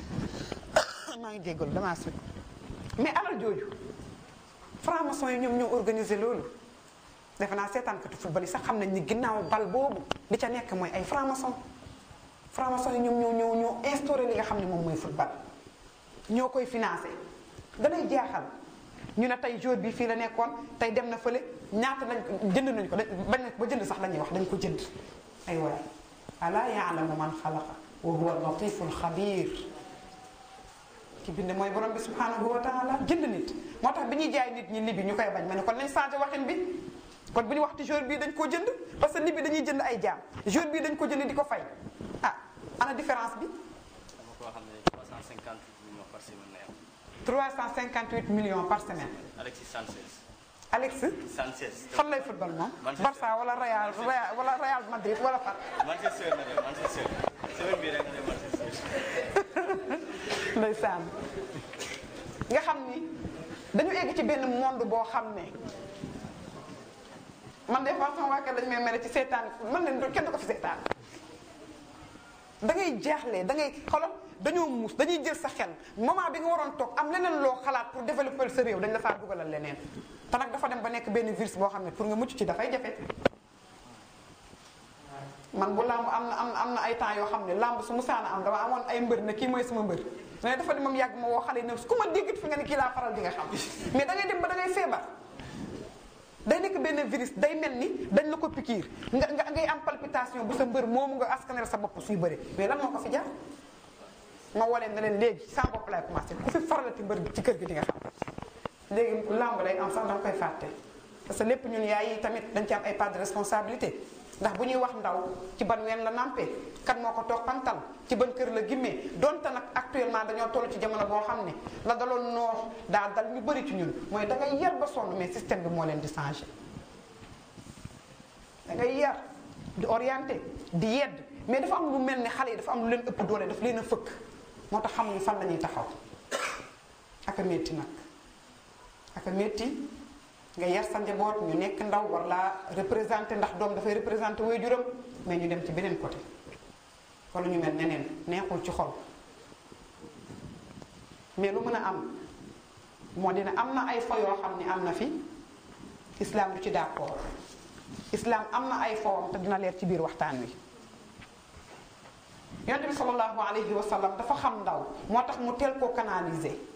*coughs* maa ngi jégalu damaa sut mais alal jooju franc-maçon yi ñoom ñoo organiser loolu. defe naa seetaankatu football yi sax xam nañ ni ginnaaw bal boobu li ca nekk mooy ay franc-maçon franc-maçon yi ñoom ñoo ñoo ñoo instauré li nga xam ne moom mooy football ñoo koy financé danay jaaxal ñu ne tey jour bi fii la nekkoon tey dem na fële ñaata lañ jënd nañ ko bañ na ba jënd sax la ñuy wax dañ ko jënd ay waay alaa yaalamu man xalaqa wa huwa latiful xabiir ki bind mooy borom bi subhanahu wa taala jënd nit moo tax bi ñuy jaay nit ñi libi ñu koy bañ ma ne kon nañ changé waxin bi kon bu ñu waxti jour bii dañ koo jënd parce que nit bi dañuy jënd ay jaam jour bii dañ ko jënd di ko fay ah ana différence bi. dama ko waxal ne 358 millions par semaine lay am. 358 millions par semaine. Alexis Sanchez. Alexis Sanchez fan lay football moom. Barça wala Real wala Real Madrid wala fan. Manchester na de Manchester semaine bii rek *laughs* nga ne xam ni dañu egg ci benn monde boo xam ne. man de fois sama waa kër dañu may mere ci seetaan man leen kenn du ko fi seetaan da ngay jaaxle da ngay xoolal dañoo muus dañuy jël sa xel moment bi nga waroon toog am leneen loo xalaat pour développer sa réew dañ la faa dugalal leneen te nag dafa dem ba nekk benn virus boo xam ne pour nga mucc ci dafay jafe. man bu làmb am na am na ay temps yoo xam ne làmb su mu saana am dama amoon ay mbër ne kii mooy sama mbër mais dafa ne moom yàgg ma woo xale yi ne ku ma dégg fi nga ne kii laa faral mais da ngay dem ba da ngay day nekk benn virus day mel ni dañ la ko pikiir nga nga ngay am palpitation bu sa mbër moom nga askanal sa bopp suy bëri mais lan moo ko fi jaar ma woo leen ne leen léegi sa bopp laay commencé ku fi faralati mbër ci kër gi di nga xam léegi làmb lay am sax danga koy fàtte parce que lépp ñun yaay yi tamit dañ ci am ay part de responsabilité. ndax buñuy wax ndaw ci ban wène la nampé kan moko tok pantal ci ban kër la gimé donta nak actuellement dañoo tollu ci jamono bo xamné la dalon no da dal ñu bari ci ñun moy da ngay yar ba sonn mais système bi mo leen di changer da ngay yar di orienter di yedd mais dafa am lu melni xalé dafa am lu leen ëpp doole dafa leen fëkk motax tax fan lañuy taxaw ak a métti ak nga yar sa njaboot ñu nekk ndaw war laa représenté ndax doom dafay représenté way juram mais ñu dem ci beneen côté wala ñu mel neneen neexul ci xol mais lu mën a am moo dina am na ay fa yoo xam ni am na fi islam du ci d'accord islam am na ay foom te dina leer ci biir waxtaan wi yonte bi sallallahu alayhi wa sallam dafa xam ndaw moo tax mu tel ko canaliser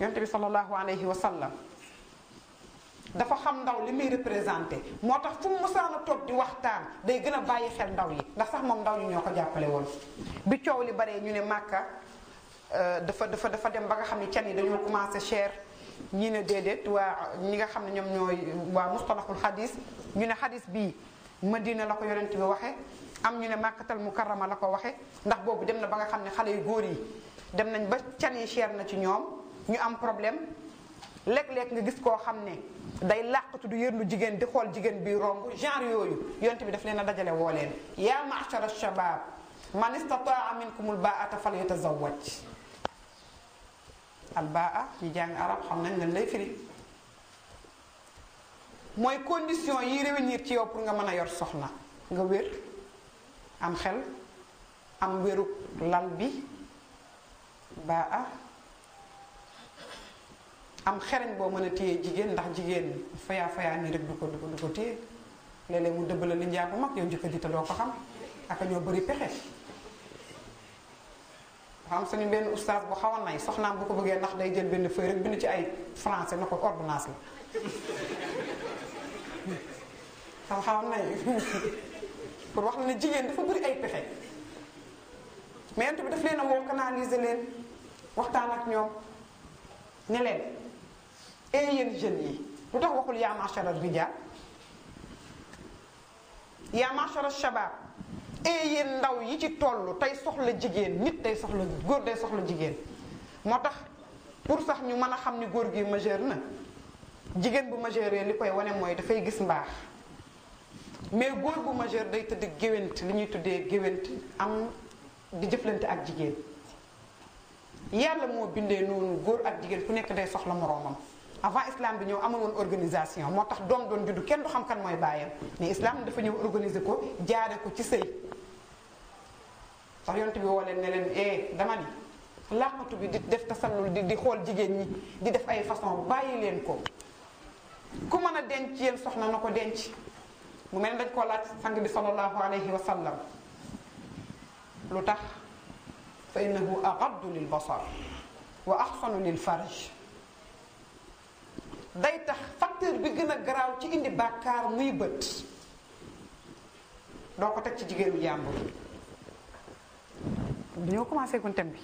yonent bi sallallahu alayhi wa sallam dafa xam ndaw li muy représenté moo tax fu mu musaana toog di waxtaan day gën a bàyyi xel ndaw yi ndax sax moom ndaw ñi ñoo ko jàppale woon bi coow li baree ñu ne màkka dafa dafa dafa dem ba nga xam ne can yi dañoo commencé cher ñi ne déedéet waa ñi nga xam ne ñoom ñooy waa mustalaxul xadis ñu ne xadis bii madina la ko yonent bi waxe am ñu ne màkkatal mukarrama la ko waxe ndax boobu dem na ba nga xam ne xale yu góor yi dem nañ ba can yi cher na ci ñoom ñu am probleme lek lek nga gis ko xamne day làqatu du yërnu jigen di xol jigen bi romb genre yoyu yonent bi daf leena dajale woo ya yaa ma'shara shabab man istataa minkumul baata falyatazawwaj al baa ñi jàng arab xam nañ lan lay firi moy condition yi revenir ci yow pour nga mëna yor soxna nga wér am xel am wéru lal bi baa am xereñ boo mën a téye jigéen ndax jigéen fayaa fayaa nii rek du ko du ko du ko téye léeg-léeg mu dëbbala li njaabu mag yow njëkk ji te ko xam aka ñoo bari pexe xam suñu benn oustaz bu xaw a nay ko bëggee ndax day jël benn feuille rek ci ay français na ko ordonnance la xam pour wax la ne ay pexe mais bi daf leen a woo canaliser leen waxtaan ak ñoom ne ee eh, yéen jeunes yi lu tax waxul yaa machara rijal yaa machara shabab ee eh, ndaw yi ci toll tey soxla jigéen nit day soxla góor day soxla jigéen moo tax pour sax ñu mën a xam ni góor gi majeur na jigéen bu majeuree li koy wane mooy dafay gis mbaax mais góor bu majeur day tëdd géwént li ñuy tuddee géwént am di jëflante ak jigéen yàlla moo bindee noonu góor ak jigéen ku nekk day soxla moroomam avant islam bi ñëw amul woon organisation moo tax doom doon juddu kenn du xam kan mooy bàyyam mais islam dafa ñëw organiser ko jaare ko ci sëy sax yonent bi woo leen ne leen eh dama ni làqatu bi di def tasallul di di xool jigéen ñi di def ay façon bàyyi leen ko ku mën a denc yéen soxna na ko denc mu mel ne dañ koo laaj sang bi sallallahu alayhi wa sallam lu tax fa innahu aqaddu lil basar wa axsanu lil farj day tax facteur bi gën a garaaw ci indi bàkkaar muy bët doo ko teg ci jigéenu jàmbur dañoo commencé gun bi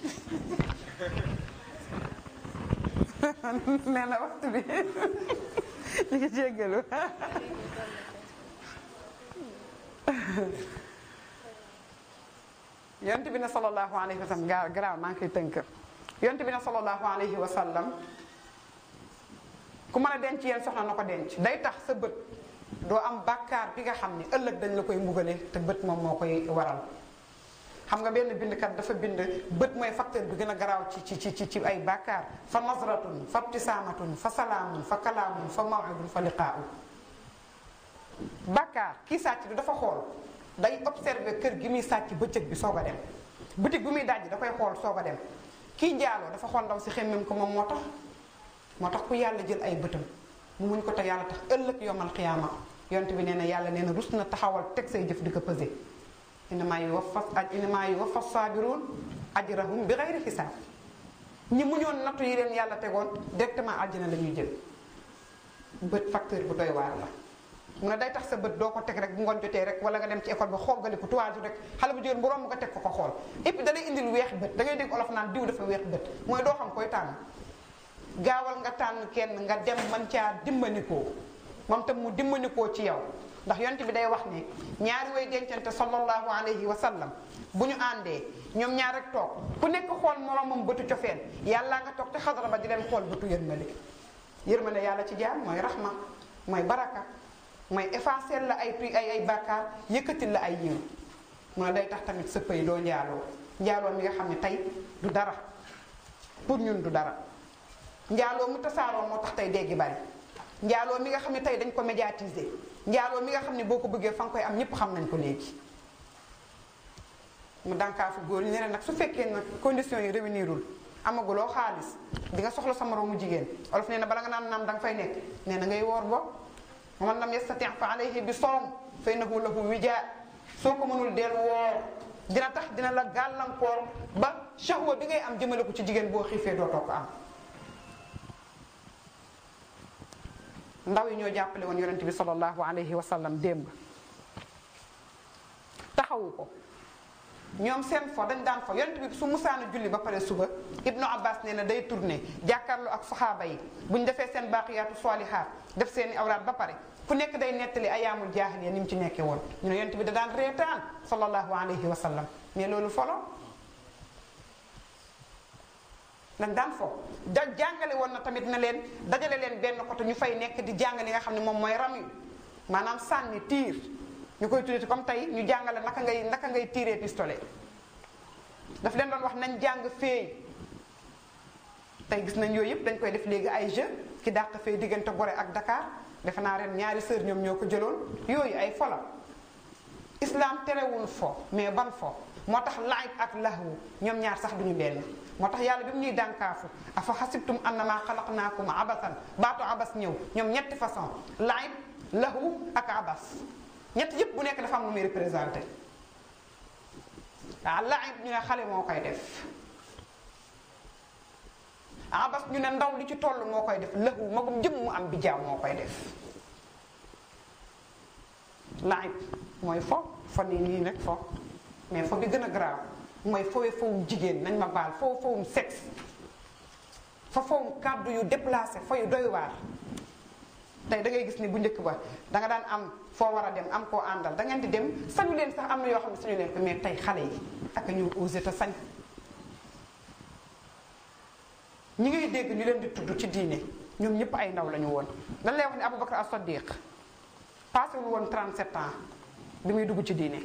*laughs* nee waxtu bi *laughs* li ngi jéggalu *laughs* yonent bi na sallallahu alayhi wa sallam garaaw maa ngi koy tënk yonent bi na sallallahu alayhi wa ku mën a denc yéen soxna na ko denc day tax sa bët doo am bàkkaar bi nga xam ni ëllëg dañ la koy mbugale te bët moom moo koy waral xam nga benn bindkat dafa bind bët mooy facteur bi gën a garaaw ci ci ci ci ay bàkkaar fa nasratun fa ibtisaamatun fa salaamun fa kalaamun fa mawidun fa liqaa'u bàkkaar kii sàcc bi dafa xool day observé kër gi muy sàcc bëccëg bi soog a dem boutique bu muy dajji da koy xool soog a dem kii njaaloo dafa xool ndaw si xemmem ko moom moo tax motax ku yàlla jël ay bëtam mu muñ ko ta yàlla tax ëlëk yomal xiyaama yonent bi neena yàlla neena na rus na taxawal tek say jëf diko pesé di ko wafas inamaa yuwaffas inamaa wafas sabirun ajrahum bi ghayri hisab ñi muñon natu yi len yàlla tegon directement aljina lañu jël bët facteur bu doy war la mu ne day tax sa bët doko tek rek bu ngoon jotee rek wala nga dem ci école bi ba ko tuwaaju rek xala bu jigéen bu romb nga tek ko ko xol et puis da lay indil wéx bët da ngay dégg olof naan diw dafa wéx bët moy do xam koy tànn gaawal nga tànn kenn nga dem man caa dimbanikoo moom tam mu dimbanikoo ci yow ndax yonent bi day wax ni ñaari woy dencante sallallahu alayhi wa sallam bu ñu àndee ñoom ñaar rek toog ku nekk xool moromam bëtu cofeel yàlla nga toog te xadara ba di leen xool bëtu yërmande yërmande yàlla ci jaam mooy raxma mooy baraka mooy effacer la ay ay ay bàkkaar yëkkatil la ay yiw moo ne day tax tamit sa yi doo njaaloo njaaloo mi nga xam ne tey du dara pour ñun du dara njaaloo mu tasaaroo moo tax tey déggi bari njaaloo mi nga xam ne tey dañ ko médiatiser njaaloo mi nga xam ne boo ko bëggee fa nga koy am ñëpp xam nañ ko léegi mu dànkaafu góor ñi ne nag su fekkee nag conditions yi réunirul amaguloo xaalis di nga soxla sa moroomu jigéen olof nee na bala nga naan naam danga fay nekk nee na ngay woor ba man na yastati fa alayhi bi soom fay nahu lahu wijaa soo ko mënul deel woor dina tax dina la gàllankoor ba shahwa bi ngay am jëmale ko ci jigéen boo xiifee dootoo am ndaw yi ñoo jàppale woon yonent bi sallallahu alayhi wa sallam démb taxawu ko ñoom seen fo dañ daan fo yonent bi su musaana julli ba pare suba ibnu abbas nee na day tourné jàkkaarloo ak saxaaba yi buñ ñu defee seen baaqiyaatu saalihaat def seeni awraat ba pare ku nekk day nettali ayaamul jaahiliya ni mu ci nekkee woon ñu ne yonent bi da daan reetaan sallallahu alayhi wa sallam mais loolu folo dañ daan fo da jangale won na tamit na len dajale len ben xoto ñu fay nek di jàng li nga xamni mom moy mooy ram manam sanni tir ñu koy tuddati comme tay ñu jangale naka ngay naka ngay pistolet daf len doon wax nañ jang feey tay gis nañ yooyu dañ koy def léegi ay jeu ki dakk feey gore ak dakar def na ren ñaari sœur ñom ñoko ko yoy ay fola islam terewul fo mais ban fo motax laaj ak lahu ñom ñaar sax duñu benn motax yàlla bimu ñuy dankafu afa hasibtum annama khalaqnakum abathan batu abas ñëw ñom ñetti façon laib lahu ak abas ñett yep bu nek dafa am lu muy représenter da laib ñu xale mo koy def abas ñu ne ndaw li ci toll mo koy def lahu magum jëm mu am bijaaw mo koy def laib moy fo fo ni ni nag fo mais fo bi gëna grave mooy foowe fowum jigéen nañ ma baal foowe fowum sexe fa kàddu yu déplacé fa yu doy waar tey da gis ni bu njëkk ba da nga daan am foo war a dem am koo àndal da ngeen di dem sañu leen sax am na yoo xam ne sañu leen ko mais tey xale yi ak ñu osé te sañ ñi ngay dégg ñu leen di tudd ci diine ñoom ñëpp ay ndaw lañu woon lan lay wax ne Aboubacar as-Siddiq passé wul woon 37 ans bi muy dugg ci diine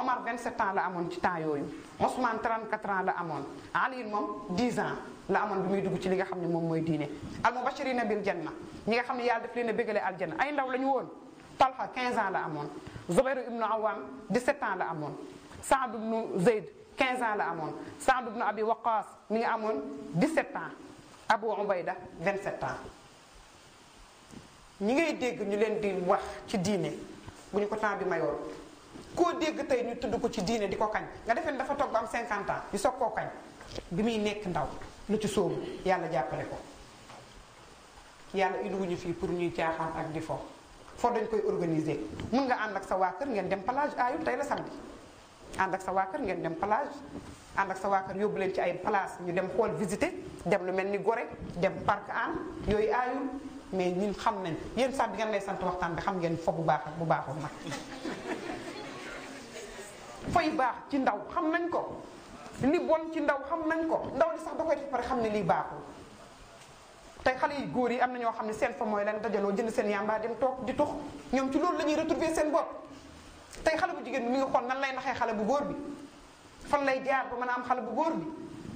Omar 27 ans la amoon ci temps yooyu Ousmane 34 ans la amoon Ali moom 10 ans la amoon bi muy dugg ci li nga xam ne moom mooy diine al mubashirina bil janna ñi nga xam ne yàlla daf leen a bégale aljanna ay ndaw la ñu woon Talha 15 ans la amoon Zubayru ibnu Awam 17 ans la amoon Saad ibnu Zeyd quinze ans la amoon Saad ibnu Abi Waqas mi ngi amoon 17 ans Abu Ubayda 27 ans ñi ngay dégg ñu leen di wax ci diine bu ñu ko temps bi mayoon koo dégg tey ñu tudd ko ci diine di ko kañ nga defee ne dafa toog ba am 50 ans ñu soog koo kañ bi muy nekk ndaw lu ci sóobu yàlla jàppale ko yàlla indiwuñu fii pour ñuy caaxaan ak di fo foo dañ koy organiser mun nga ànd ak sa waa kër ngeen dem plage ayul tey la samedi ànd ak sa waa kër ngeen dem plage ànd ak sa waa kër yóbbu leen ci ay place ñu dem xool visiter dem lu mel ni Gorée dem parc an yooyu aayul mais ñun xam nañ yéen sax bi ngeen lay sant waxtaan bi xam ngeen fo bu baax bu baaxul nag fay baax ci ndaw xam nañ ko li bon ci ndaw xam nañ ko ndaw li sax da koy def pare xam ne lii baaxul tey xale yi góor yi am na ñoo xam ne seen fa mooy lan dajaloo jënd seen yàmbaa dem toog di tux ñoom ci loolu la ñuy retrouver seen bopp tey xale bu jigéen bi mi ngi xool nan lay naxee xale bu góor bi fan lay jaar ba mën a am xale bu góor bi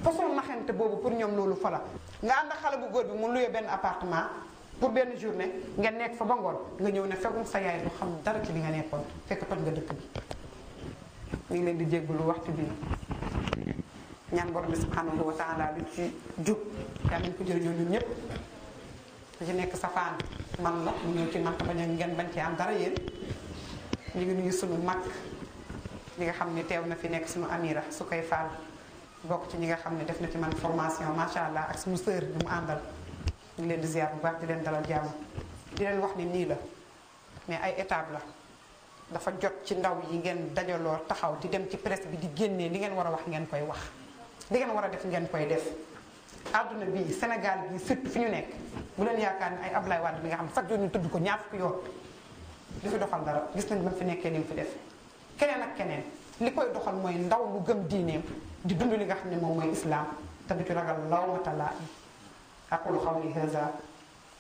façon naxante boobu pour ñoom loolu fa la nga ànd xale bu góor bi mu luyee benn appartement pour benn journée nga nekk fa ba ngoon nga ñëw ne fegum sa yaay du xam dara ci li nga nekkoon fekk toj nga dëkk bi ngi leen di jéggalu waxtu bi ñaan borom bi subhanahu wa taala li ci jub yàlla nañ ko jëriñoo ñun ñëpp ku ci nekk safaan man la mu ñëw ci man bañ a ngeen bañ ci am dara yéen ñu ngi nuyu sunu mag ñi nga xam ne teew na fi nekk sunu amira su koy faal bokk ci ñi nga xam ne def na ci man formation macha allah ak sunu sœur bi mu àndal ñu leen di ziar bu baax di leen dalal jàmm di leen wax ni nii la mais ay étape la dafa jot ci ndaw yi ngeen dajaloo taxaw di dem ci presse bi di génnee li ngeen war a wax ngeen koy wax li ngeen war a def ngeen koy def àdduna bi Sénégal bi surtout fi ñu nekk bu leen yaakaar ne ay Ablaye Wade bi nga xam chaque jour ñu tudd ko ñaar fukki yoon du fi doxal dara gis nañ ba fi nekkee li fi def keneen ak keneen li koy doxal mooy ndaw lu gëm diineem di dund li nga xam ne moom mooy islaam te du ci ragal lawmata laa'im aqulu qawli haza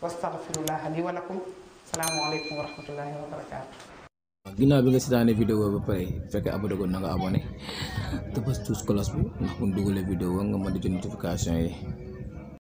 wastaghfirullaha li wa lakum salaamu aleykum wa rahmatullahi ginnaaw bi nga seetaanee vidéo ba pare fekk abonné goon na nga abonné te bës touche cloche bi ndax bu ñu dugalee nga mën di jot notification yi